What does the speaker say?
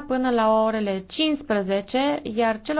până la orele 15, iar cel